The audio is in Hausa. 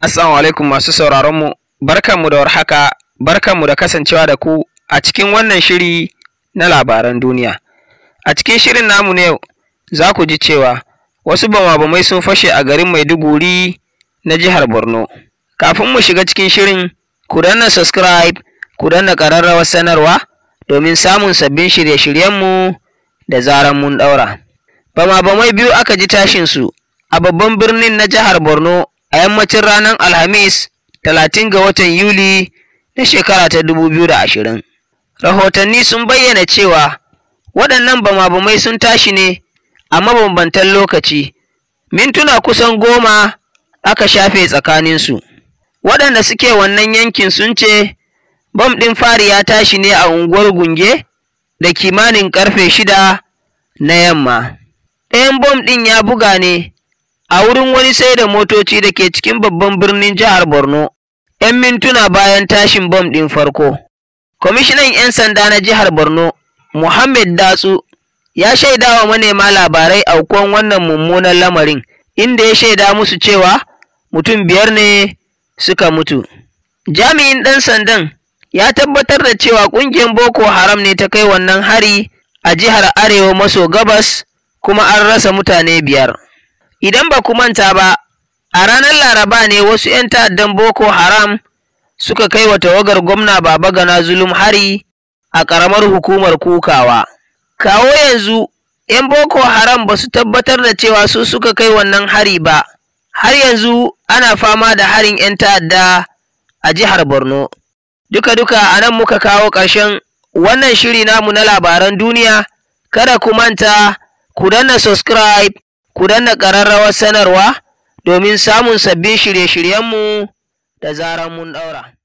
Assalamu alaikum masu sauraron mu. Barkanmu da warhaka, barkanmu da kasancewa da ku a cikin wannan shiri na labaran duniya. A cikin shirin namu ne za ku ji cewa wasu bamabamai sun fashe a garin Maiduguri na jihar Borno. Kafin mu shiga cikin shirin, ku danna subscribe, ku danna ƙararrawar sanarwa domin samun sabbin shirye-shiryenmu da zaran mun ɗaura. Bamabamai biyu aka ji tashin su a babban birnin na jihar Borno a yammacin ranar Alhamis talatin ga watan Yuli na shekara ta dubu biyu da ashirin. Rahotanni sun bayyana cewa waɗannan bama-bamai sun tashi ne a mabambantan lokaci, mintuna kusan goma aka shafe tsakaninsu. Waɗanda suke wannan yankin sun ce bam ɗin fari ya tashi ne a unguwar Gunge da kimanin ƙarfe shida na yamma. Ɗayan bom ɗin ya buga ne a wurin wani sai da motoci da ke cikin babban birnin jihar Borno, ‘yan mintuna bayan tashin bom ɗin farko. Kwamishinan ‘yan sanda na jihar Borno, Muhammad Datsu, ya shaida wa manema labarai aukuwan wannan mummunan lamarin, inda ya shaida musu cewa mutum biyar ne suka mutu. Jami'in ɗan sandan ya tabbatar da cewa ƙungiyar Boko Haram ne ta kai wannan hari a jihar Arewa maso gabas kuma an rasa mutane biyar. idan ba ku manta ba a ranar laraba ne wasu 'yan ta'addan boko haram suka kai wa tawagar gwamna baba gana zulum hari a ƙaramar hukumar kukawa kawo yanzu 'yan boko haram ba su tabbatar da cewa su suka kai wannan hari ba har yanzu ana fama da harin 'yan ta'adda a jihar borno duka-duka a nan muka kawo ƙarshen wannan shiri namu na labaran duniya kada ku manta ku danna subscribe ku danna ƙararrawar sanarwa domin samun sabbin shirye-shiryenmu da zarar mun ɗaura.